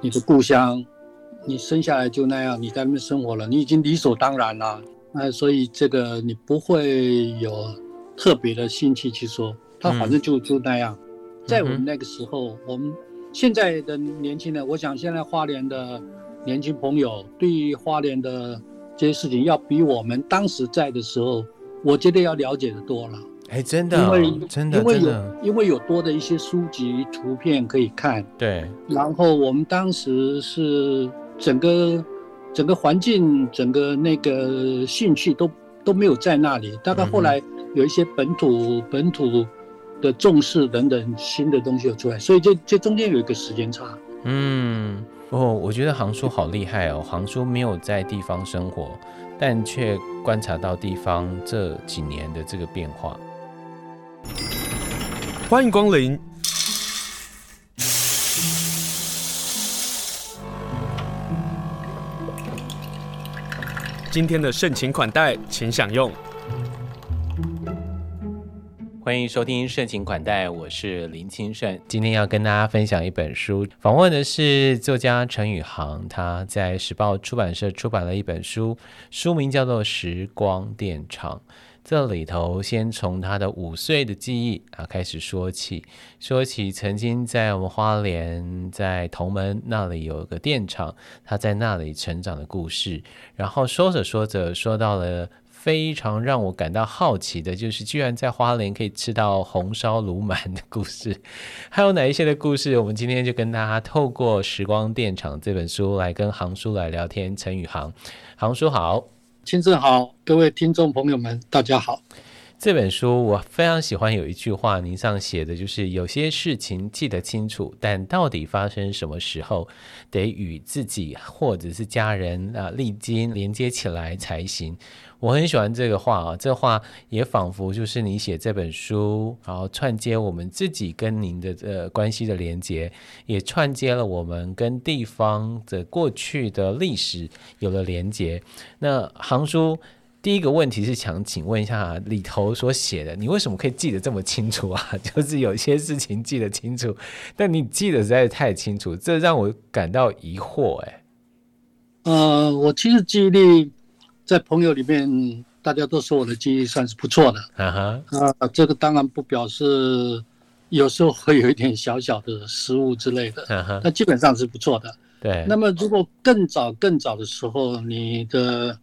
你的故鄉，你生下來就那樣，你在那邊生活了，你已經理所當然了。那所以這個你不會有特別的興趣去說，他反正就就那樣。在我們那個時候，我們現在的年輕人，我想現在花蓮的年輕朋友，對於花蓮的這些事情，要比我們當時在的時候，我覺得要了解得多了。哎、哦，真的，因為真的，因為有因為有多的一些書籍、圖片可以看，對。然後我們當時是整個整個環境、整個那個興趣都都沒有在那裡。大概後來有一些本土、嗯、本土的重視等等新的東西有出來，所以這這中間有一個時間差。嗯，哦，我覺得航叔好厲害哦！航叔沒有在地方生活，但卻觀察到地方這幾年的這個變化。歡迎光臨！今天的盛情款待，請享用。歡迎收聽《盛情款待》，我是林清盛。今天要跟大家分享一本書，訪問的是作家陳雨航，他在時報出版社出版了一本書，書名叫做《時光電廠》。這裡頭先從他的五歲的記憶啊開始說起，說起曾經在我們花蓮在同門那裡有一個電廠，他在那裡成長的故事。然後說着說着說到了非常讓我感到好奇的，就是居然在花蓮可以吃到紅燒鱸鰻的故事。還有哪一些的故事？我們今天就跟大家透過《時光電廠》這本書來跟航叔來聊天。陳雨航，航叔好。聽眾好，各位聽眾朋友們，大家好。這本書我非常喜歡，有一句話您上寫的，就是有些事情記得清楚，但到底發生什麼時候，得與自己或者是家人啊歷經連接起來才行。我很喜歡這個話啊，這話也仿佛就是你寫這本書，然後串接我們自己跟您的呃關係的連接，也串接了我們跟地方的過去的歷史有了連接。那航叔。第一個問題是想請問一下，裡頭所寫的，你為什麼可以記得這麼清楚啊？就是有些事情記得清楚，但你記得實在是太清楚，這讓我感到疑惑哎、欸。呃，我其實記憶力在朋友裡面，大家都說我的記憶力算是不錯的。啊哈，啊，這個當然不表示有時候會有一點小小的失誤之類的。Uh-huh. 但基本上是不錯的。對。那麼如果更早更早的時候，你的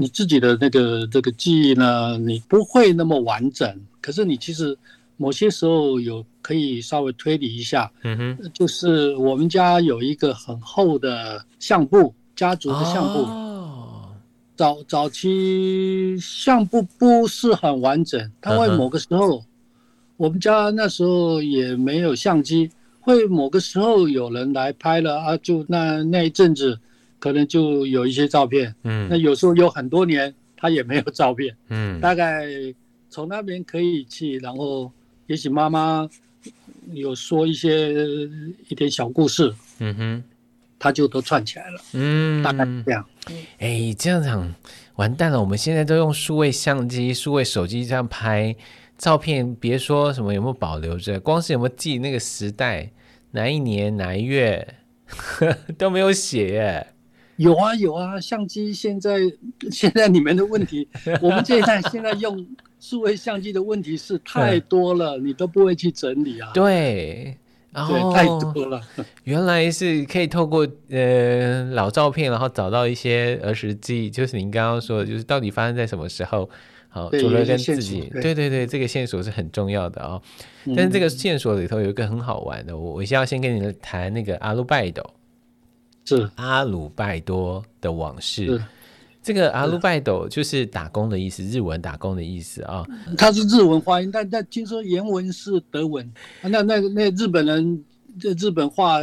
你自己的那個這個記憶呢，你不會那麼完整。可是你其實某些時候有可以稍微推理一下。嗯哼，就是我們家有一個很厚的相簿，家族的相簿。哦、早早期相簿不是很完整，它會某個時候、嗯，我們家那時候也沒有相機，會某個時候有人來拍了啊，就那那一陣子。可能就有一些照片，嗯，那有時候有很多年他也沒有照片，嗯，大概從那邊可以去，然後也許媽媽有說一些一點小故事，嗯哼，他就都串起來了，嗯，大概這樣。哎、欸，這樣講完蛋了，我們現在都用數位相機、數位手機這樣拍照片，別說什麼有沒有保留着，光是有沒有記那個時代哪一年哪一月呵呵都沒有寫耶。有啊有啊，相機現在現在你們的問題， 我們這一代現在用數位相機的問題是太多了，嗯，你都不會去整理啊。對，對，哦，太多了。原來是可以透過呃老照片，然後找到一些兒時記憶，就是您剛剛說的，就是到底發生在什麼時候，好，哦，除了跟自己對，對對對，這個線索是很重要的啊，哦嗯。但是這個線索裡頭有一個很好玩的，我我先要先跟你們談那個阿魯拜斗，哦。是阿魯拜多的往事。這個阿魯拜多就是打工的意思，日文打工的意思啊。他是日文發音，但但聽說原文是德文。那那那，那日本人，這日本話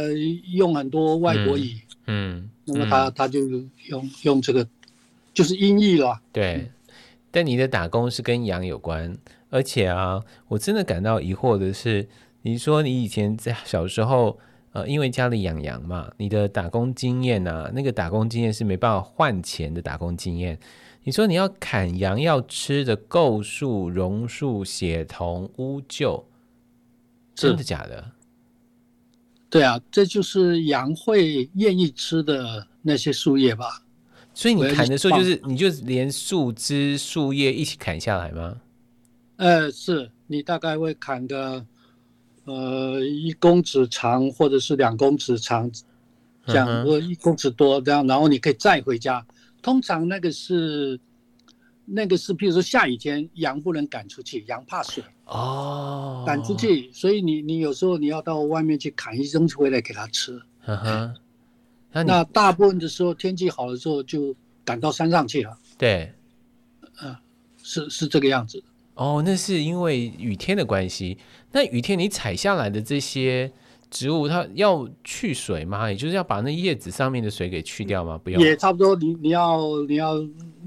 用很多外國語，嗯，嗯那麼他他就用、嗯、用這個就是音譯了、啊。對、嗯，但你的打工是跟羊有關，而且啊，我真的感到疑惑的是，你說你以前在小時候。因為家裡養羊嘛，你的打工經驗啊，那個打工經驗是沒辦法換錢的打工經驗。你說你要砍羊要吃的構樹、榕樹、血桐、烏桕，真的假的？對啊，這就是羊會願意吃的那些樹葉吧。所以你砍的時候就是你就連樹枝、樹葉一起砍下來嗎？呃，是你大概會砍個。呃，一公尺長或者是兩公尺長，這樣一公尺多這樣、嗯，然後你可以再回家。通常那個是，那個是，比如說下雨天，羊不能趕出去，羊怕水哦，趕出去，所以你你有時候你要到外面去砍一些回來給它吃。嗯哼，那，那大部分的時候天氣好的時候就趕到山上去了。對，呃、是是這個樣子。哦，那是因為雨天的關係。那雨天你採下來的這些植物，它要去水嗎？也就是要把那葉子上面的水給去掉嗎？不要。也差不多你。你你要你要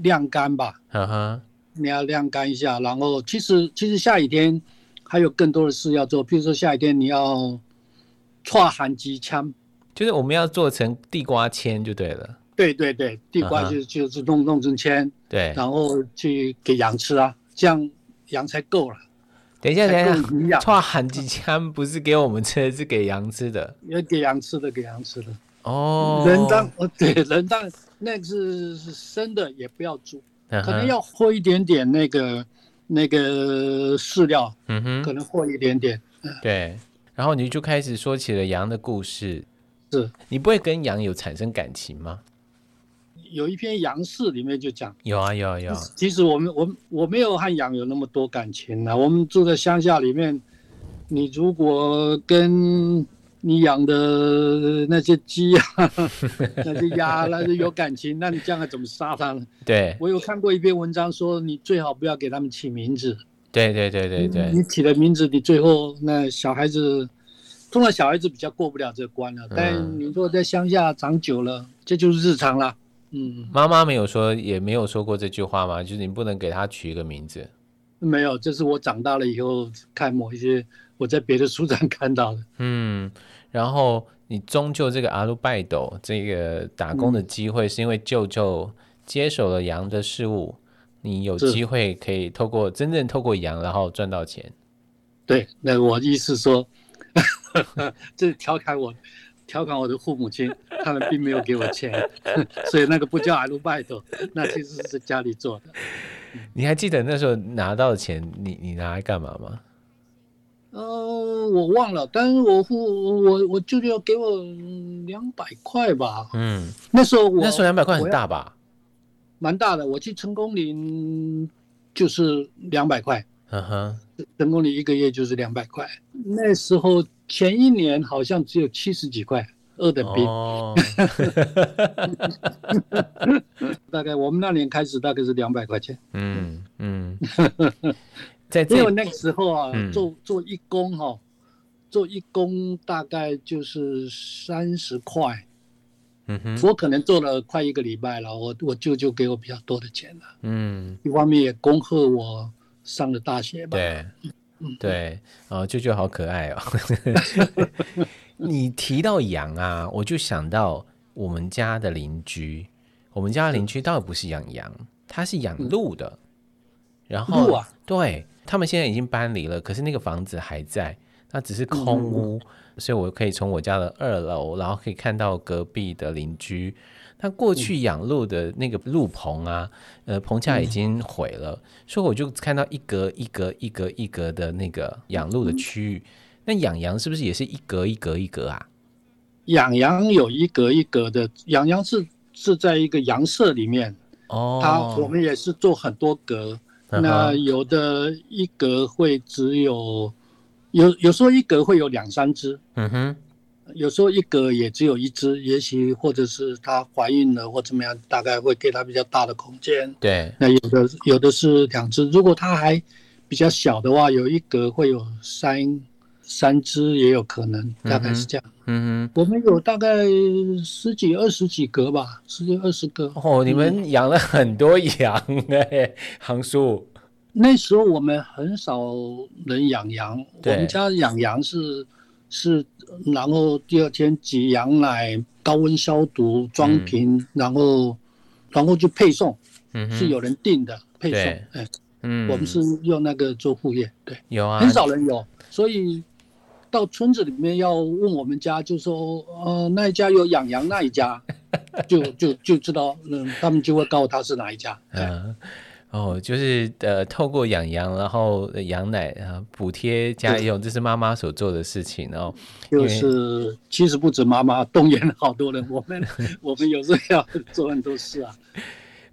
晾乾吧。哈哈，你要晾乾，uh -huh. 一下。然後其，其實其實下雨天還有更多的事要做。比如說下雨天你要串寒機槍，就是我們要做成地瓜籤就對了。對對對，地瓜就就是弄，uh -huh. 弄成籤，對，然後去給羊吃啊，這樣。羊才夠了，等一下，等一下，抓喊幾槍不是給我們吃，嗯、是給羊吃的，要給羊吃的，給羊吃的。哦，人當，對，對人當，那個是生的，也不要煮，嗯，可能要和一點點那個那個飼料，嗯哼，可能和一點點。對，然後你就開始說起了羊的故事，是。你不會跟羊有產生感情嗎？有一篇羊事裡面就講有啊有啊有啊。其實我們我我沒有和羊有那麼多感情呢。我們住在鄉下裡面，你如果跟你養的那些雞啊、 那些鴨、那些有感情， 那你將來怎麼殺它呢？對。我有看過一篇文章說，你最好不要給他們起名字。對對對對對。你起的名字，你最後那小孩子，通常小孩子比較過不了這關了、啊嗯。但你說在鄉下長久了，這就是日常了。嗯，媽媽沒有說，也沒有說過這句話嗎？就是你不能給他取一個名字。沒有，這、就是我長大了以後看某一些我在別的書上看到的。嗯，然後你終究這個阿魯拜鬥這個打工的機會，是因為舅舅接手了羊的事物，嗯、你有機會可以透過真正透過羊，然後賺到錢。對，那我意思說，這 是調侃，侃我。調侃我的父母親，他們並沒有給我錢， 所以那個不叫アルバイト，那其實是家裡做的。你還記得那時候拿到的錢，你你拿來幹嘛嗎？呃，我忘了，但是我父我我舅舅給我兩百塊吧。嗯，那時候我那時候兩百塊很大吧？蠻大的，我去成功嶺就是兩百塊。嗯哼，成功你一個月就是兩百塊。那時候前一年好像只有七十幾塊，二等兵。Oh. 大概我們那年開始大概是兩百塊錢。嗯嗯，在只有那個時候啊，做做一工哈，做一工,、啊、工大概就是三十塊。嗯哼，我可能做了快一個禮拜了，我我舅舅給我比較多的錢了。嗯，一方面也恭賀我。上了大學吧。對，對，哦、呃，舅舅好可愛哦。 你提到羊啊，我就想到我們家的鄰居。我們家的鄰居倒也不是養羊，羊，他是養鹿的。然後，對，他們現在已經搬離了，可是那個房子還在，那只是空屋，所以我可以從我家的二樓，然後可以看到隔壁的鄰居。那過去養鹿的那個鹿棚啊、嗯，呃，棚架已經毀了、嗯，所以我就看到一格一格一格一格的那個養鹿的區域。嗯、那養羊，羊是不是也是一格一格一格啊？養羊，羊有一格一格的，養羊，羊是是在一個羊舍裡面。哦它，我們也是做很多格，哦、那有的一格會只有有，有時候一格會有兩三隻。嗯哼。有時候一格也只有一隻，也許或者是她懷孕了或怎麼樣，大概會給她比較大的空間。對，那有的有的是兩隻，如果她還比較小的話，有一格會有三三隻也有可能，大概是這樣。嗯嗯，我們有大概十幾二十幾格吧，十幾二十個。哦，嗯、你們養了很多羊哎、欸，航叔。那時候我們很少人養羊，我們家養羊是。是，然後第二天擠羊奶，高溫消毒裝瓶，嗯，然後，然後就配送。嗯，是有人訂的配送，哎。嗯，我們是用那個做副業。對，有啊，很少人有，所以到村子裡面要問我們家，就說呃那一家有養羊，那一家就就就知道，嗯，他們就會告訴他是哪一家。哎。嗯。哦，就是呃，透過養羊，然後、呃、羊奶，然、呃、後補貼家用，這是媽媽所做的事情。哦，就是其實不止媽媽動員了好多人，我們 我們有時候要做很多事啊。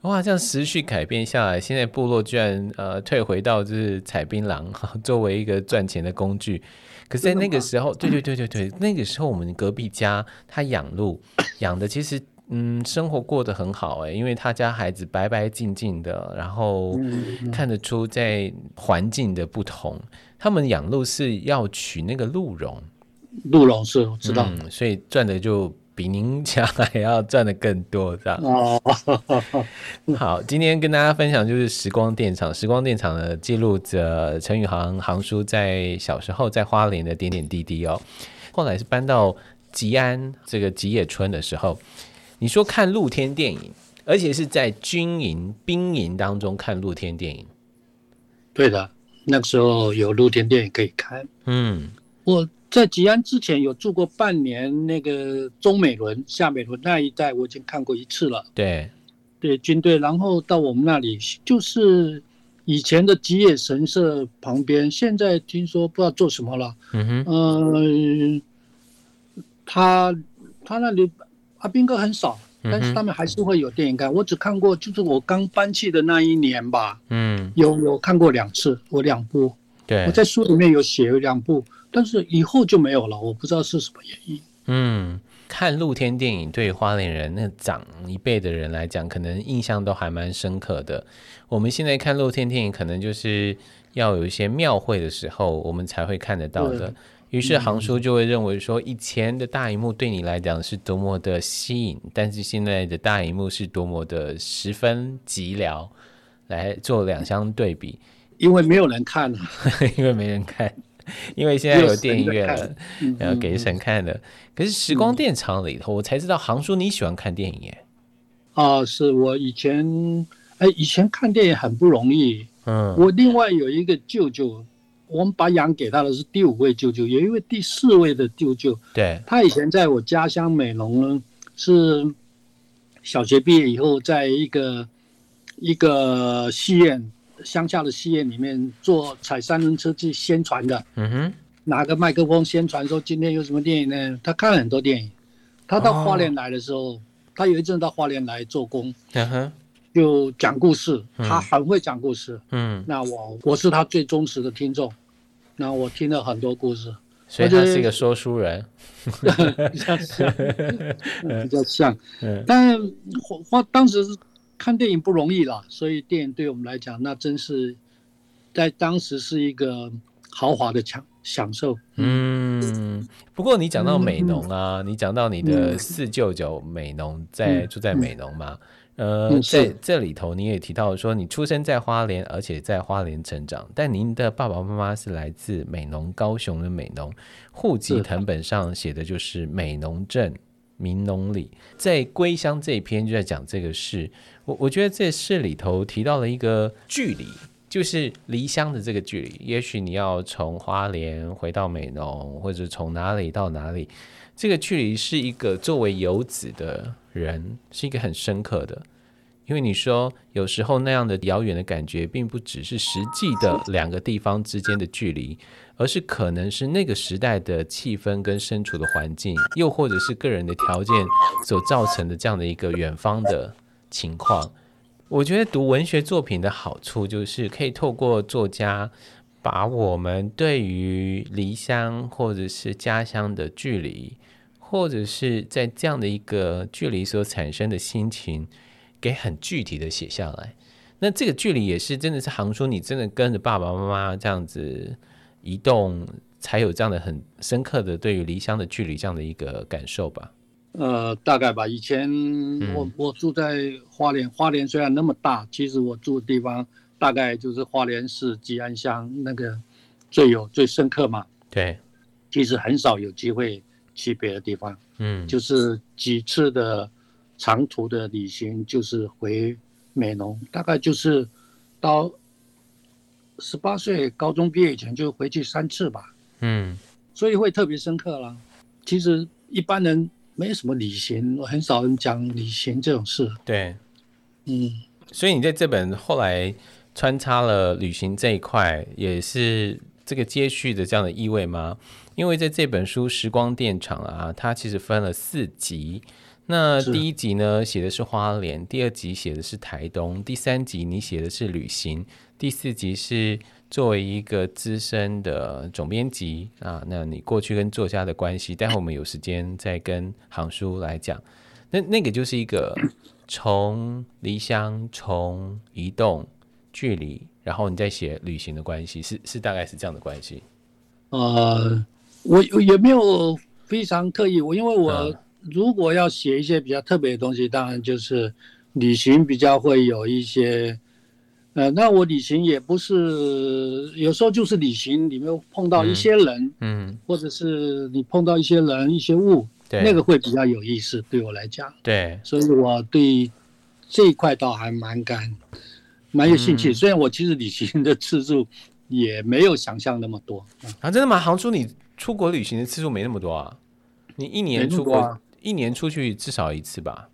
哇，這樣持續改變下來，現在部落居然呃退回到就是採檳榔作為一個賺錢的工具。可是在那個時候，對對對對對、嗯，那個時候我們隔壁家他養鹿，養的其實。 嗯，生活過得很好哎、欸，因為他家孩子白白淨淨的，然後看得出在環境的不同。嗯嗯、他們養鹿是要取那個鹿茸，鹿茸是我知道，嗯、所以賺的就比您家還要賺的更多，知道、啊啊啊嗯、好，今天跟大家分享就是時光電廠，時光電廠的記錄着陳雨航航叔在小時候在花蓮的點點滴滴哦、喔，後來是搬到吉安這個吉野村的時候。你說看露天電影，而且是在軍營兵營當中看露天電影。對的，那個時候有露天電影可以看。嗯，我在吉安之前有住過半年，那個中美崙、下美崙那一帶，我已經看過一次了。對，對，軍隊，然後到我們那裡就是以前的吉野神社旁邊，現在聽說不知道做什麼了。嗯哼，嗯、呃，他他那裡。阿兵哥很少，但是他們還是會有電影看。嗯、我只看過，就是我剛搬去的那一年吧。嗯，有有看過兩次，我兩部。對，我在書裡面有寫兩部，但是以後就沒有了，我不知道是什麼原因。嗯，看露天電影對花蓮人那長一輩的人來講，可能印象都還蠻深刻的。我們現在看露天電影，可能就是要有一些廟會的時候，我們才會看得到的。於是航叔，就會認為說，以前的大熒幕對你來講是多麼的吸引，但是現在的大熒幕是多麼的十分寂寥，來做兩相對比。因為沒有人看了， 因為沒人看，因為現在有電影院了，神、嗯嗯然後給誰看的？可是時光電廠裡頭、嗯，我才知道航叔你喜歡看電影耶。啊、呃，是我以前，哎、欸，以前看電影很不容易。嗯，我另外有一個舅舅。我們把羊給他的是第五位舅舅，有一位第四位的舅舅，對，他以前在我家鄉美濃，呢，是小學畢業以後，在一個一個戲院，鄉下的戲院裡面做踩三輪車去宣傳的，嗯哼，拿個麥克風宣傳說今天有什麼電影呢？他看了很多電影，他到花蓮來的時候，哦、他有一陣到花蓮來做工，嗯哼。就講故事，他很會講故事。嗯，嗯，那我我是他最忠實的聽眾。那我聽了很多故事，所以他是一個說書人， 比較像，比較像。但當時看電影不容易啦，所以電影對我們來講，那真是在當時是一個豪華的享享受。嗯，不過你講到美濃啊，嗯、你講到你的四舅舅美濃，嗯，在住在美濃嗎？嗯嗯呃，在這裡頭你也提到說，你出生在花蓮，而且在花蓮成長，但您的爸爸媽媽是來自美濃，高雄的美濃，戶籍謄本上寫的就是美濃鎮民農里。在歸鄉這一篇就在講這個事，我我覺得這事裡頭提到了一個距離，就是離鄉的這個距離。也許你要從花蓮回到美濃，或者從哪裡到哪裡。這個距離是一個作為遊子的人是一個很深刻的，因為你說有時候那樣的遙遠的感覺，並不只是實際的兩個地方之間的距離，而是可能是那個時代的氣氛跟身處的環境，又或者是個人的條件所造成的這樣的一個遠方的情況。我覺得讀文學作品的好處，就是可以透過作家把我們對於離鄉或者是家鄉的距離。或者是在這樣的一個距離所產生的心情，給很具體的寫下來。那這個距離也是真的是，航叔，你真的跟着爸爸媽媽這樣子移動，才有這樣的很深刻的對於離鄉的距離這樣的一個感受吧？呃，大概吧。以前我我住在花蓮，嗯，花蓮雖然那麼大，其實我住的地方大概就是花蓮市吉安鄉那個，最有最深刻嘛。對，其實很少有機會。去別的地方，嗯，就是幾次的長途的旅行，就是回美濃。大概就是到十八歲高中畢業以前就回去三次吧，嗯，所以會特別深刻啦。其實一般人沒有什麼旅行，很少人講旅行這種事。對，嗯，所以你在這本後來穿插了旅行這一塊，也是這個接續的這樣的意味嗎？因為在這本書《時光電廠》啊，它其實分了四集。那第一集呢，寫的是花蓮；第二集寫的是台東；第三集你寫的是旅行；第四集是作為一個資深的總編輯啊，那你過去跟作家的關係，待會我們有時間再跟航叔來講。那那個就是一個從離鄉、從移動距離，然後你再寫旅行的關係，是是大概是這樣的關係。啊、uh...。我也沒有非常特意，我因為我如果要寫一些比較特別的東西、嗯，當然就是旅行比較會有一些，呃，那我旅行也不是有時候就是旅行，裡面碰到一些人嗯，嗯，或者是你碰到一些人、一些物，那個會比較有意思。對我來講，對，所以我對這一塊倒還蠻感蠻有興趣、嗯。雖然我其實旅行的次數也沒有想象那麼多，反、啊、真的嗎，航叔你？出國旅行的次數沒那麼多啊，你一年出國、啊，一年出去至少一次吧？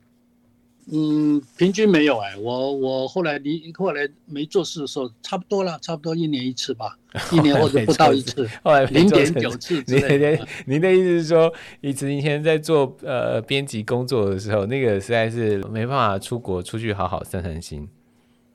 嗯，平均沒有哎、欸，我我後來離後來沒做事的時候，差不多了，差不多一年一次吧，一、次一年或者不到一次，零點九次之類的。你的，您的意思是說，以前以前在做呃編輯工作的時候，那個實在是沒辦法出國出去好好散散心。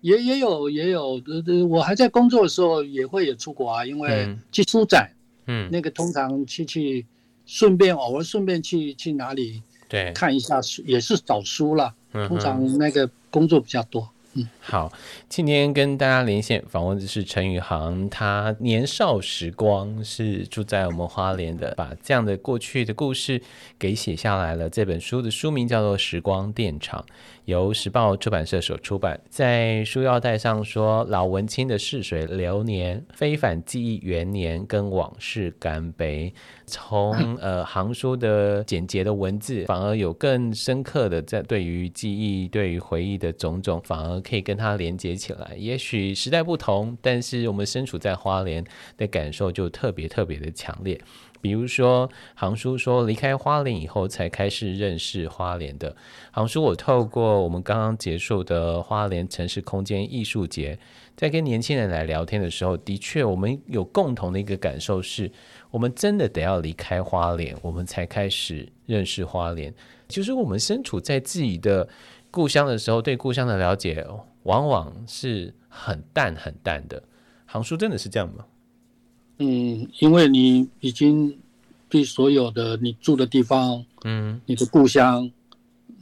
也也有也有、呃，我還在工作的時候也會也出國啊，因為去舒展。嗯嗯，那個通常去去順便，偶爾順便去去哪裡？對，看一下書也是找書啦、嗯。通常那個工作比較多。嗯、好，今天跟大家連線訪問的是陳雨航，他年少時光是住在我們花蓮的，把這樣的過去的故事給寫下來了。這本書的書名叫做《時光電廠》，由時報出版社所出版。在書腰帶上說：“老文青的逝水流年，非凡記憶元年，跟往事乾杯。”從呃，航叔的簡潔的文字，反而有更深刻的在對於記憶、對於回憶的種種，反而。可以跟他連接起來，也許時代不同，但是我們身處在花蓮的感受就特別特別的強烈。比如說，航叔說離開花蓮以後才開始認識花蓮的。航叔，我透過我們剛剛結束的花蓮城市空間藝術節，在跟年輕人來聊天的時候，的確我們有共同的一個感受是，是我們真的得要離開花蓮，我們才開始認識花蓮。其實我們身處在自己的。故鄉的時候，對故鄉的了解往往是很淡很淡的。航叔真的是這樣嗎？嗯，因為你已經對所有的你住的地方，嗯，你的故鄉，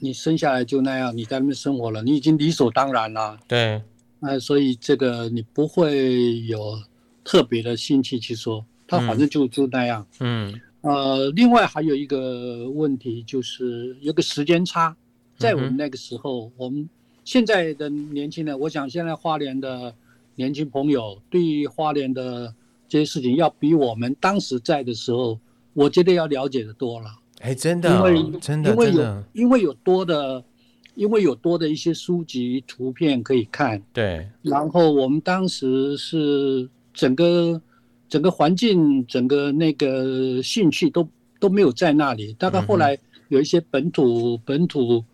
你生下來就那樣，你在那邊生活了，你已經理所當然了。對，呃，所以這個你不會有特別的興趣去說，他反正就就那樣。嗯，呃，另外還有一個問題就是有個時間差。在我們那個時候，我們現在的年輕人，我想現在花蓮的年輕朋友對於花蓮的這些事情，要比我們當時在的時候，我覺得要了解的多了。哎、哦，真的，因為真的，因為有因為有多的，因為有多的一些書籍、圖片可以看。對。然後我們當時是整個整個環境、整個那個興趣都都沒有在那裡。大概後來有一些本土、嗯、本土。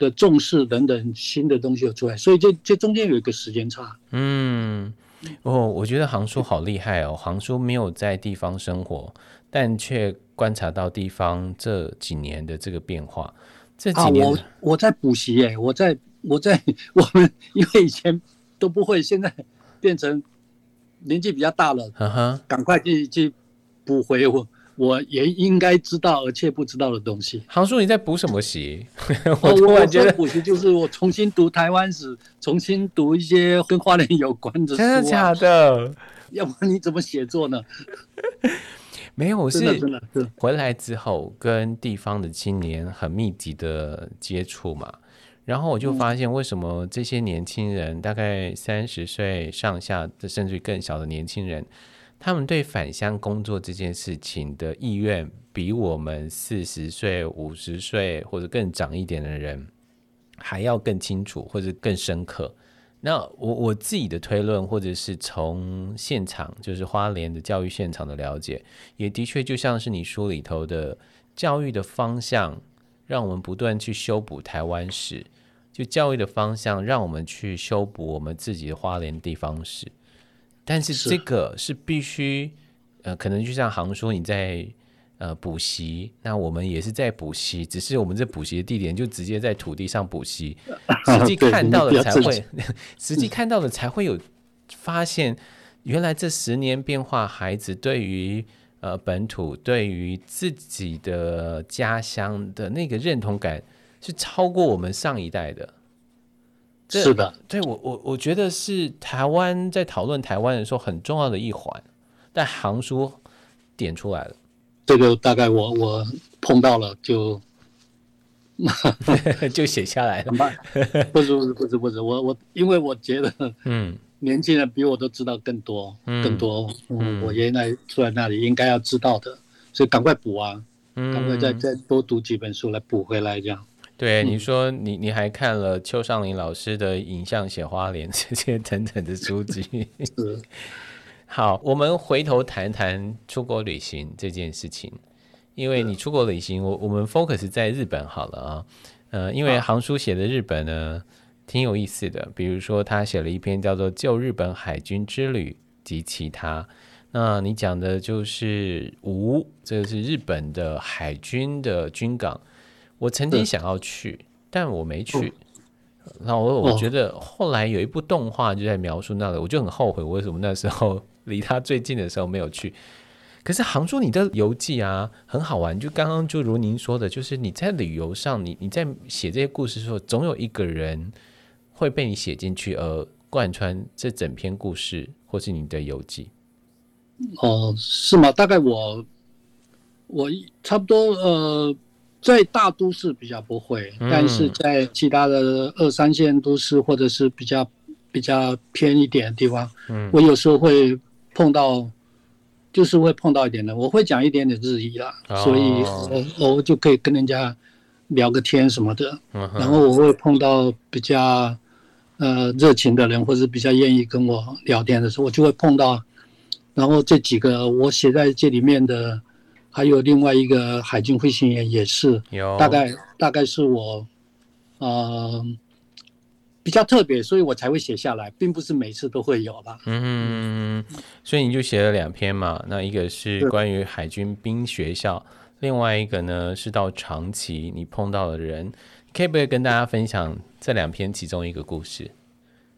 的重視等等新的東西又出來，所以這這中間有一個時間差。嗯，哦，我覺得航叔好厲害哦，航叔沒有在地方生活，但卻觀察到地方這幾年的這個變化。這幾年，啊、我，我在補習耶，我在我在，我，在我們因為以前都不會，現在變成年紀比較大了，嗯、趕快去去補回我，我也應該知道而且不知道的東西。航叔，你在補什麼習？哦、 我覺我覺得補習就是我重新讀台灣史， 重新讀一些跟花蓮有關的書、啊。真的假的？要不然你怎麼寫作呢？ 沒有，我是回來之後跟地方的青年很密集的接觸嘛，然後我就發現為什麼這些年輕人、嗯、大概三十歲上下，甚至於更小的年輕人。他們對返鄉工作這件事情的意願，比我們四十歲、五十歲或者更長一點的人還要更清楚或者更深刻。那我我自己的推論，或者是從現場就是花蓮的教育現場的了解，也的確就像是你書裡頭的教育的方向，讓我們不斷去修補台灣史；就教育的方向，讓我們去修補我們自己的花蓮地方史。但是這個是必須，呃，可能就像航說，你在呃補習，那我們也是在補習，只是我們這補習的地點就直接在土地上補習，啊，實際看到了才會，實際看到了才會有發現，原來這十年變化，嗯、孩子對於呃本土、對於自己的家鄉的那個認同感是超過我們上一代的。是的，對我我我覺得是台灣在討論台灣的時候很重要的一環，但行書點出來了，這個大概我我碰到了就， 就寫下來了嘛。不 是不是不是不是，我我因為我覺得，嗯，年輕人比我都知道更多，嗯、更多、嗯嗯、我原來住在那裡應該要知道的，所以趕快補啊，趕、嗯、快再再多讀幾本書來補回來這樣。對、嗯、你說你，你你還看了邱尚林老師的影像寫花蓮這些等等的書籍 的。好，我們回頭談談出國旅行這件事情，因為你出國旅行，我我們 focus 在日本好了啊。呃，因為航叔寫的日本呢挺有意思的，比如說他寫了一篇叫做《舊日本海軍之旅及其他》，那你講的就是吳，這是日本的海軍的軍港。我曾經想要去，嗯、但我沒去、嗯。然後我覺得後來有一部動畫就在描述那裡、個哦，我就很後悔，我為什麼那時候離他最近的時候沒有去？可是杭州你的遊記啊，很好玩。就剛剛就如您說的，就是你在旅遊上，你你在寫這些故事的時候，總有一個人會被你寫進去，而貫穿這整篇故事，或是你的遊記。哦，是嗎？大概我我差不多呃。在大都市比較不會、嗯，但是在其他的二三線都市或者是比較比較偏一點的地方、嗯，我有時候會碰到，就是會碰到一點的。我會講一點點日語啊、哦，所以我我就可以跟人家聊個天什麼的。然後我會碰到比較呃熱情的人，或者比較願意跟我聊天的時候，我就會碰到。然後這幾個我寫在這裡面的。還有另外一個海軍飛行員也是，有，大概大概是我，呃，比較特別，所以我才會寫下來，並不是每次都會有啦。嗯哼嗯哼，所以你就寫了兩篇嘛，那一個是關於海軍兵學校，另外一個呢是到長崎你碰到的人，可不可以跟大家分享這兩篇其中一個故事？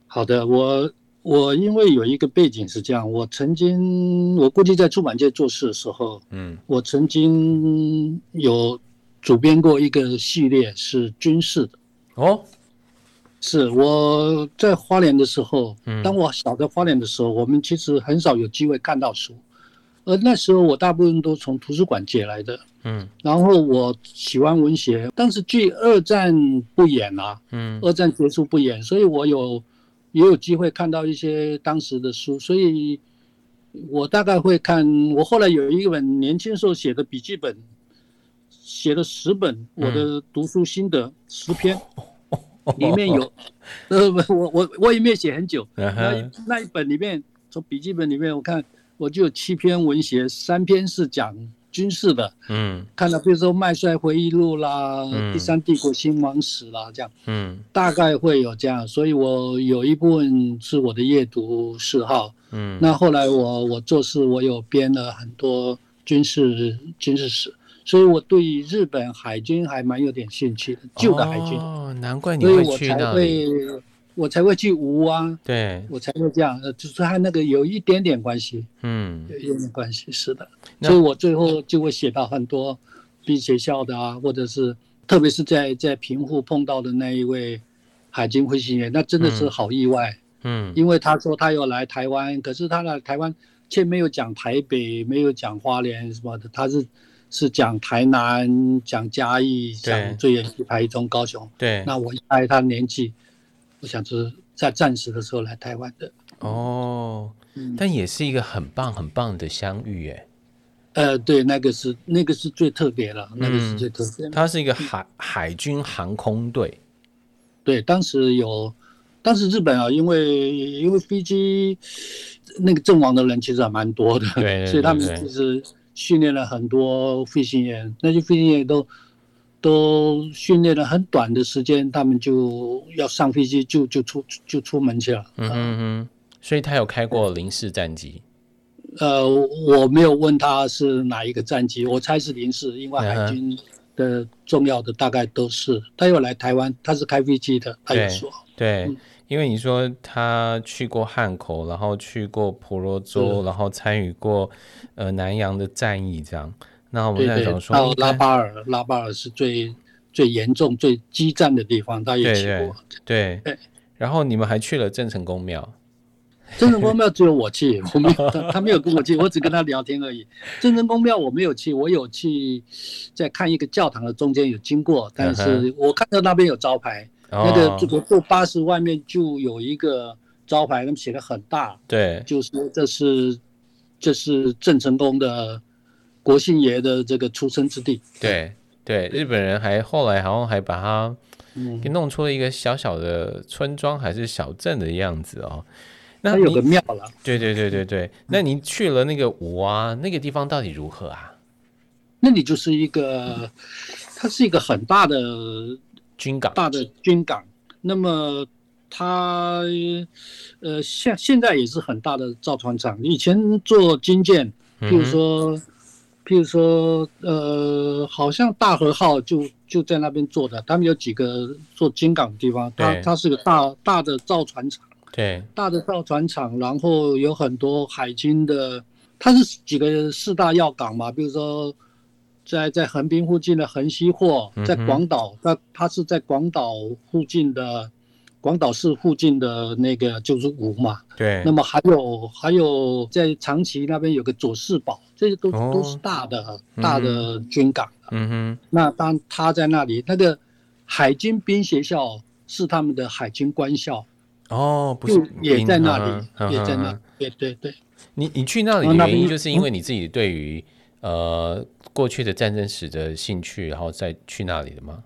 好的，我。我因為有一個背景是這樣，我曾經，我估計在出版界做事的時候，嗯，我曾經有主編過一個系列是軍事的。哦，是我在花蓮的時候，嗯，當我小在花蓮的時候，我們其實很少有機會看到書，而那時候我大部分都從圖書館借來的。嗯，然後我喜歡文學，但是距二戰不遠了，啊，嗯，二戰結束不遠，所以我有。也有機會看到一些當時的書，所以我大概會看。我後來有一本年輕時候寫的筆記本，寫了十本我的讀書心得、嗯、十篇，裡面有， 呃，我我我也沒有寫很久，那、嗯、那一本裡面從筆記本裡面我看我就有七篇文學，三篇是講。軍事的，嗯，看到比如說《麥帥回憶錄》啦，嗯，《第三帝國興亡史》啦，這樣，嗯，大概會有這樣，所以我有一部分是我的閱讀嗜好，嗯，那後來我我做事我有編了很多軍事軍事史，所以我對於日本海軍還蠻有點興趣的，舊、哦、的海軍，哦，難怪你會去那我才會去無啊，對，我才會這樣，就只是和那個有一點點關係，嗯，有一點點關係，是的，所以我最後就會寫到很多，b 學校的啊，或者是特別是在在貧富碰到的那一位海軍飛行員，那真的是好意外，嗯，因為他說他要來台灣，可是他來台灣卻沒有講台北，沒有講花蓮什麼的，他是是講台南，講嘉義，講最遠去台中、高雄，對，那我一猜他年紀。我想是在戰時的時候來台灣的哦，但也是一個很棒很棒的相遇哎、嗯。呃，對，那個是那個是最特別了，那個是最特別的、嗯那個最特別的。它是一個海海軍航空隊、嗯，對，當時有，當時日本啊，因為因為飛機那個陣亡的人其實還蠻多的，對，對，對，對，所以他們其實訓練了很多飛行員，那些飛行員都。都訓練了很短的時間，他們就要上飛機，就就出就出門去了。嗯嗯，所以他有開過零式戰機？嗯。呃，我沒有問他是哪一個戰機，我猜是零式，因為海軍的重要的大概都是。嗯。他有來台灣，他是開飛機的，他也說。對，對，嗯。因為你說他去過漢口，然後去過婆羅洲，然後參與過呃南洋的戰役，這樣。那我們在講說，對對到拉巴爾，拉巴爾是最最嚴重、最激戰的地方。大家也去過，對。然後你們還去了鄭成功廟，鄭成功廟只有我去， 我沒有，他沒有跟我去， 我只跟他聊天而已。鄭成功廟我沒有去，我有去在看一個教堂的中間有經過，但是我看到那邊有招牌，嗯、那個這個坐巴士外面就有一個招牌，那麼寫的很大，對，就說這是這是鄭成功的。國姓爺的這個出生之地，對對，日本人還後來好像還把它給弄出了一個小小的村莊，還是小鎮的樣子哦。那他有個廟了，對對對對對。那你去了那個吳啊、嗯，那個地方到底如何啊？那裡就是一個，它是一個很大的軍港，大的軍港。那麼它呃，現現在也是很大的造船廠，以前做軍艦，譬如說。嗯譬如說，呃，好像大和號就就在那邊做的。他們有幾個做軍港的地方，它它是個大大的造船廠。對，大的造船廠，然後有很多海軍的，它是幾個四大要港嘛，比如說在在橫濱附近的橫須賀，在廣島，嗯，它它是在廣島附近的。廣島市附近的那個就是吳嘛，對。那麼還有還有在長崎那邊有個佐世保，這些都是、哦、都是大的、嗯、大的軍港的嗯哼。那當他在那裡，那個海軍兵學校是他們的海軍官校。哦，不是也在那裡，啊、也在那裡、啊。對對對。你你去那裡的原因就是因為你自己對於、嗯、呃過去的戰爭史的興趣，然後再去那裡的嗎？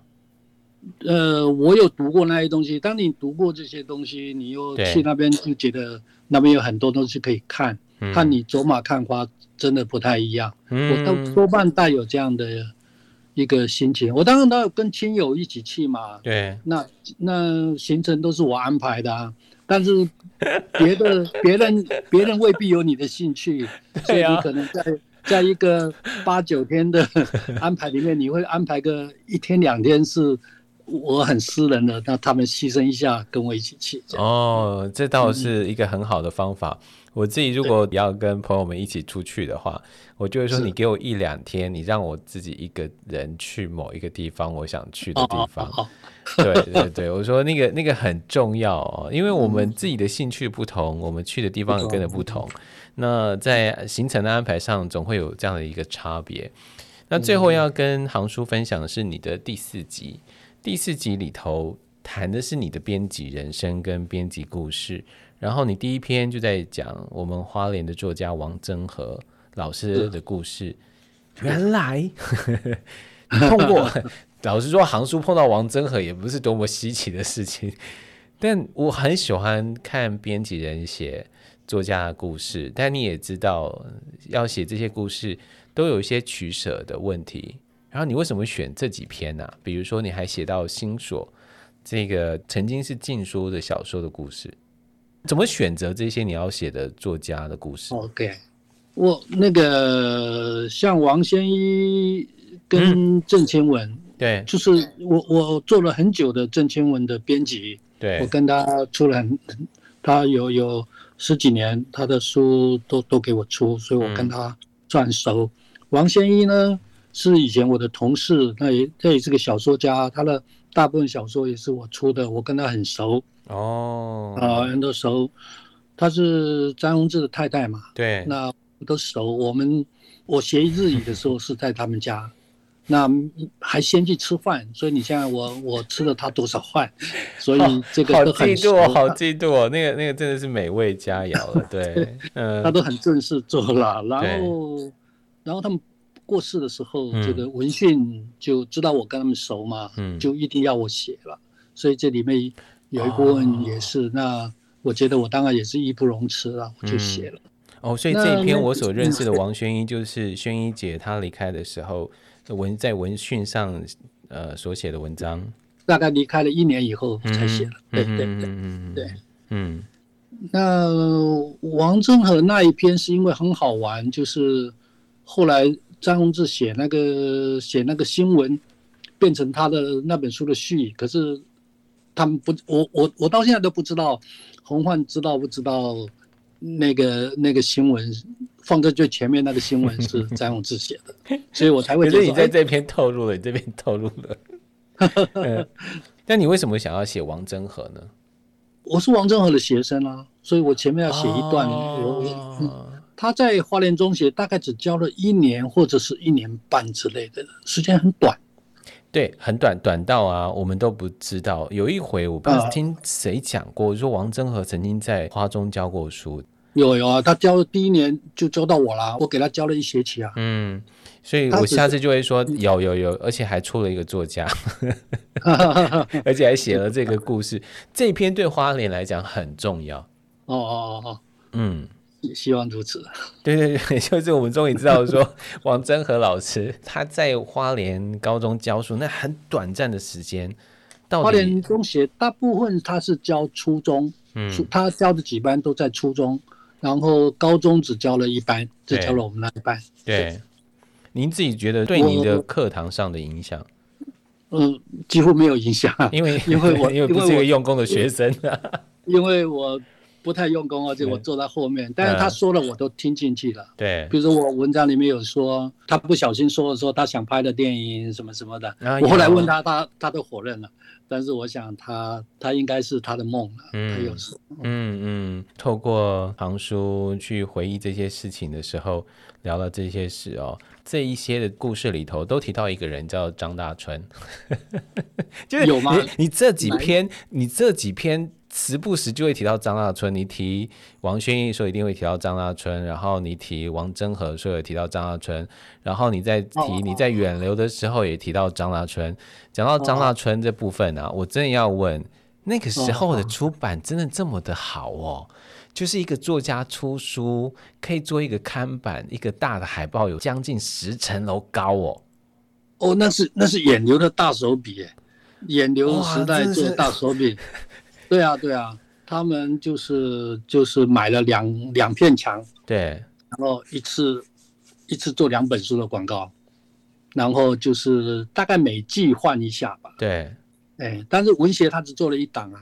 呃，我有讀過那些東西。當你讀過這些東西，你又去那邊就覺得那邊有很多東西可以看，看你走馬看花，真的不太一樣。嗯、我都多半帶有這樣的一個心情。我當然都有跟親友一起去嘛。對，那那行程都是我安排的、啊，但是別的 別人別人未必有你的興趣，啊、所以你可能在在一個八九天的安排裡面，你會安排個一天兩天是。我很私人的，那他們犧牲一下，跟我一起去。哦，這倒是一個很好的方法、嗯。我自己如果要跟朋友們一起出去的話，我就會說：你給我一兩天，你讓我自己一個人去某一個地方，我想去的地方。哦哦哦、對對對,對，我說那個那個很重要哦，因為我們自己的興趣不同，我們去的地方也跟着不同。嗯、那在行程的安排上，總會有這樣的一個差別。嗯、那最後要跟航叔分享的是你的第四集。第四集裡頭談的是你的編輯人生跟編輯故事，然後你第一篇就在講我們花蓮的作家王禎和老師的故事。嗯、原來，碰 通過， 老實說，航叔碰到王禎和也不是多麼稀奇的事情。但我很喜歡看編輯人寫作家的故事，但你也知道，要寫這些故事都有一些取舍的問題。然後你為什麼選這幾篇呢、啊？比如說，你還寫到《心鎖》這個曾經是禁書的小說的故事，怎麼選擇這些你要寫的作家的故事？OK，我那個像王先一跟鄭清文，嗯、對，就是我我做了很久的鄭清文的編輯，對，我跟他出了很，他有有十幾年，他的書都都給我出，所以我跟他轉熟、嗯。王先一呢？是以前我的同事，他也，他也是個小說家，他的大部分小說也是我出的，我跟他很熟哦，啊、oh. 呃，很多熟。他是詹宏志的太太嘛，對，那都熟。我們我學日語的時候是在他們家， 那還先去吃飯，所以你現在我，我吃了他多少飯， 所以這個都很 嫉妒，我好嫉妒哦，那個那個真的是美味佳肴了，對，呃， 他都很正式做了，然後然後他們。過世的時候、嗯，這個文訊就知道我跟他們熟嘛，嗯、就一定要我寫了，所以這裡面有一部分也是、哦。那我覺得我當然也是義不容辭了、啊嗯，我就寫了。哦，所以這一篇我所認識的王宣一，就是宣一姐，她離開的時候，文、嗯就是嗯、在文訊上呃所寫的文章，大概離開了一年以後才寫了。嗯、對對對、嗯、對，嗯。那王禎和那一篇是因為很好玩，就是後來。張宏志寫那個寫那個新聞，變成他的那本書的序。可是他們不，我我我到現在都不知道，洪煥知道不知道那個那個新聞，放在最前面那個新聞是詹宏志寫的， 所以我才會覺得。可是你在這邊透露了，哎、你這邊透露了。 但那你為什麼想要寫王禎和呢？我是王禎和的學生啊，所以我前面要寫一段。哦他在花蓮中學大概只教了一年或者是一年半之類的時間，很短。對，很短短到，啊，我們都不知道。有一回，我不知道聽誰講過，呃、說王禎和曾經在花中教過書。有有啊，他教了第一年就教到我了，我給他教了一學期啊。嗯，所以我下次就會說有有有，有，而且還出了一個作家， 而且還寫了這個故事。 這篇對花蓮來講很重要。哦哦哦哦，嗯。希望如此。對對，對，就是我們終於知道說， 王禎和老師他在花蓮高中教書那很短暫的時間。到花蓮中學大部分他是教初中，嗯，他教的幾班都在初中，然後高中只教了一班，只教了我們那一班對。對，您自己覺得對您的課堂上的影響？嗯，幾乎沒有影響，因為因為我因為不是一個用功的學生啊，因為我。不太用功，而且我坐在後面、嗯，但是他說了，我都聽進去了。對，比如說我文章裡面有說，他不小心說了說他想拍的電影什麼什麼的，然、啊、後我後來問他，他他都否認了。但是我想他，他他應該是他的夢了。嗯，他有說嗯，嗯，嗯，透過航叔去回憶這些事情的時候，聊了這些事哦，這一些的故事裡頭都提到一個人叫張大春， 就，有嗎？你你這幾篇，你這幾篇。時不時就會提到張大春，你提王宣一說一定會提到張大春，然後你提王禎和說也提到張大春，然後你再提你在遠流的時候也提到張大春。講、哦、到張大春這部分啊、哦，我真的要問，那個時候的出版真的這麼的好哦？哦，就是一個作家出書可以做一個看板，一個大的海報有將近十層樓高哦，哦，那是那是遠流的大手筆、欸，遠流時代做大手筆。對啊，對啊，他們就是就是買了兩兩片牆，對，然後一次一次做兩本書的廣告，然後就是大概每季換一下吧。對，哎，但是文學他只做了一檔啊，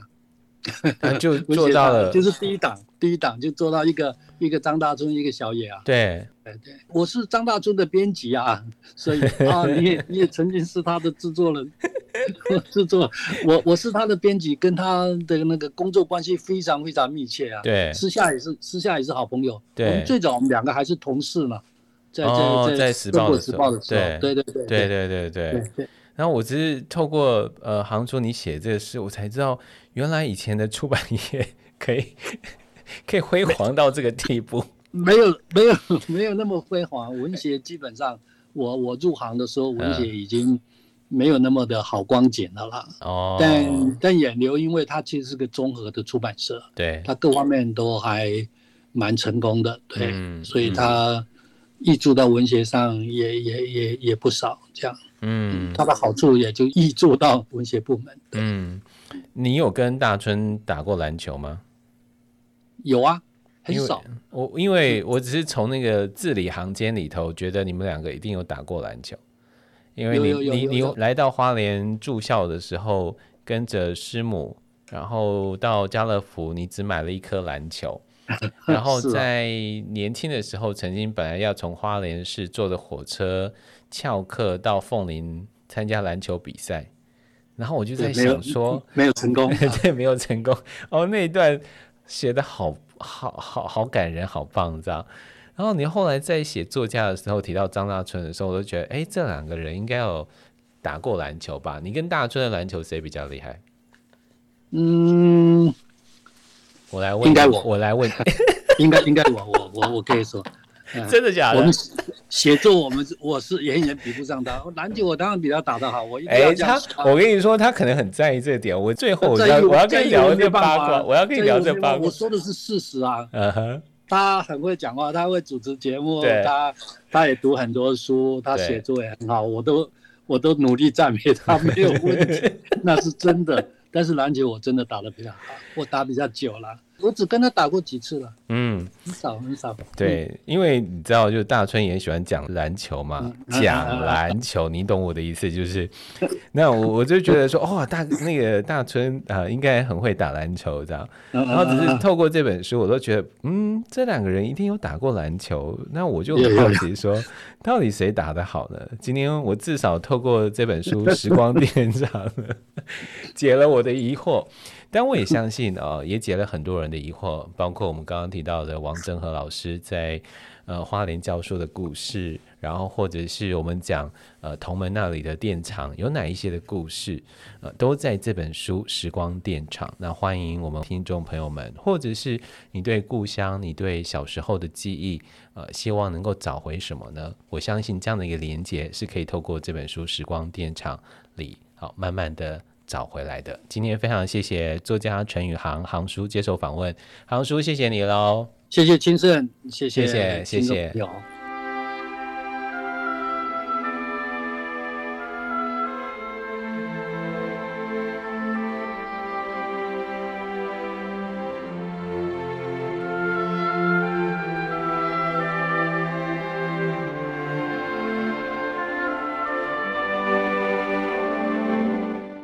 就做到了， 文學，就是第一檔、哦，第一檔就做到一個。一個張大春，一個小野啊。對，哎對，對，我是張大春的編輯啊，所以 啊，你也你也曾經是他的制作人， 制作，我我是他的編輯，跟他的那個工作關係非常非常密切啊。對，私下也是私下也是好朋友。對，我們最早我們兩個還是同事嘛，在、哦、在，在《中國時報》的時候對。對對對對對對。然後我只是透過呃航叔你寫這個事，我才知道原來以前的出版業可以。 可以輝煌到這個地步？ 沒有，沒有，沒有那麼輝煌。文學基本上我，我我入行的時候，文學已經沒有那麼的好光景的了啦。哦、嗯。但但遠流，因為他其實是個綜合的出版社，對，他各方面都還蠻成功的，對。嗯、所以他挹注到文學上也、嗯、也也也不少這樣。嗯。他的好處也就挹注到文學部門對。嗯。你有跟大春打過籃球嗎？有啊，很少。因我因為我只是從那個字裡行間裡頭，覺得你們兩個一定有打過籃球，因為你有有有有有有你你來到花蓮住校的時候，跟着師母，然後到家樂福，你只買了一顆籃球，然後在年輕的時候，曾經本來要從花蓮市坐着火車翹課到鳳林參加籃球比賽，然後我就在想說，沒有，沒有成功， 對，沒有成功。哦，那一段。寫的好好好好感人，好棒，這樣然後你後來在寫作家的時候提到張大春的時候，我都覺得，哎，這兩個人應該有打過籃球吧？你跟大春的籃球誰比較厲害？嗯，我來問，應該我，我來問，應該， 應該，應該我，我我我可以說，呃，真的假的？寫 作我，我們我是遠遠比不上他。籃球我當然比他打得好。我一哎、欸，他，我跟你說，他可能很在意這點。我最後我要我要跟你聊這八卦，我要跟你聊這八卦，這我一八卦這。我說的是事實啊，嗯哼，他很會講話，他會主持節目，嗯、他他也讀很多書，他寫作也很好，我都我都努力讚美他，沒有問題， 那是真的。但是籃球我真的打得比較好，我打比較久了。我只跟他打過幾次了，嗯，很少很少。對、嗯，因為你知道，就是大春也喜歡講籃球嘛，講、嗯、籃球、嗯，你懂我的意思，就是。 那我我就覺得說，哦，大那個大春啊、呃，應該很會打籃球，這樣、嗯。然後只是透過這本書，我都覺得，嗯，嗯嗯嗯這兩個人一定有打過籃球。那我就很好奇，說到底誰 打得好呢？今天我至少透過這本書《時光電廠》， 解了我的疑惑。但我也相信，啊、呃，也解了很多人的疑惑，包括我們剛剛提到的王禎和老師在呃花蓮教書的故事，然後或者是我們講呃銅門那裡的電廠有哪一些的故事，呃，都在這本書《時光電廠》。那歡迎我們聽眾朋友們，或者是你對故鄉、你對小時候的記憶，呃，希望能夠找回什麼呢？我相信這樣的一個連接是可以透過這本書《時光電廠》裡好、呃、慢慢的。找回來的。今天非常謝謝作家陳雨航航叔接受訪問，航叔謝謝你嘍，謝謝金聖，謝謝謝謝謝，謝，謝，謝，謝，謝。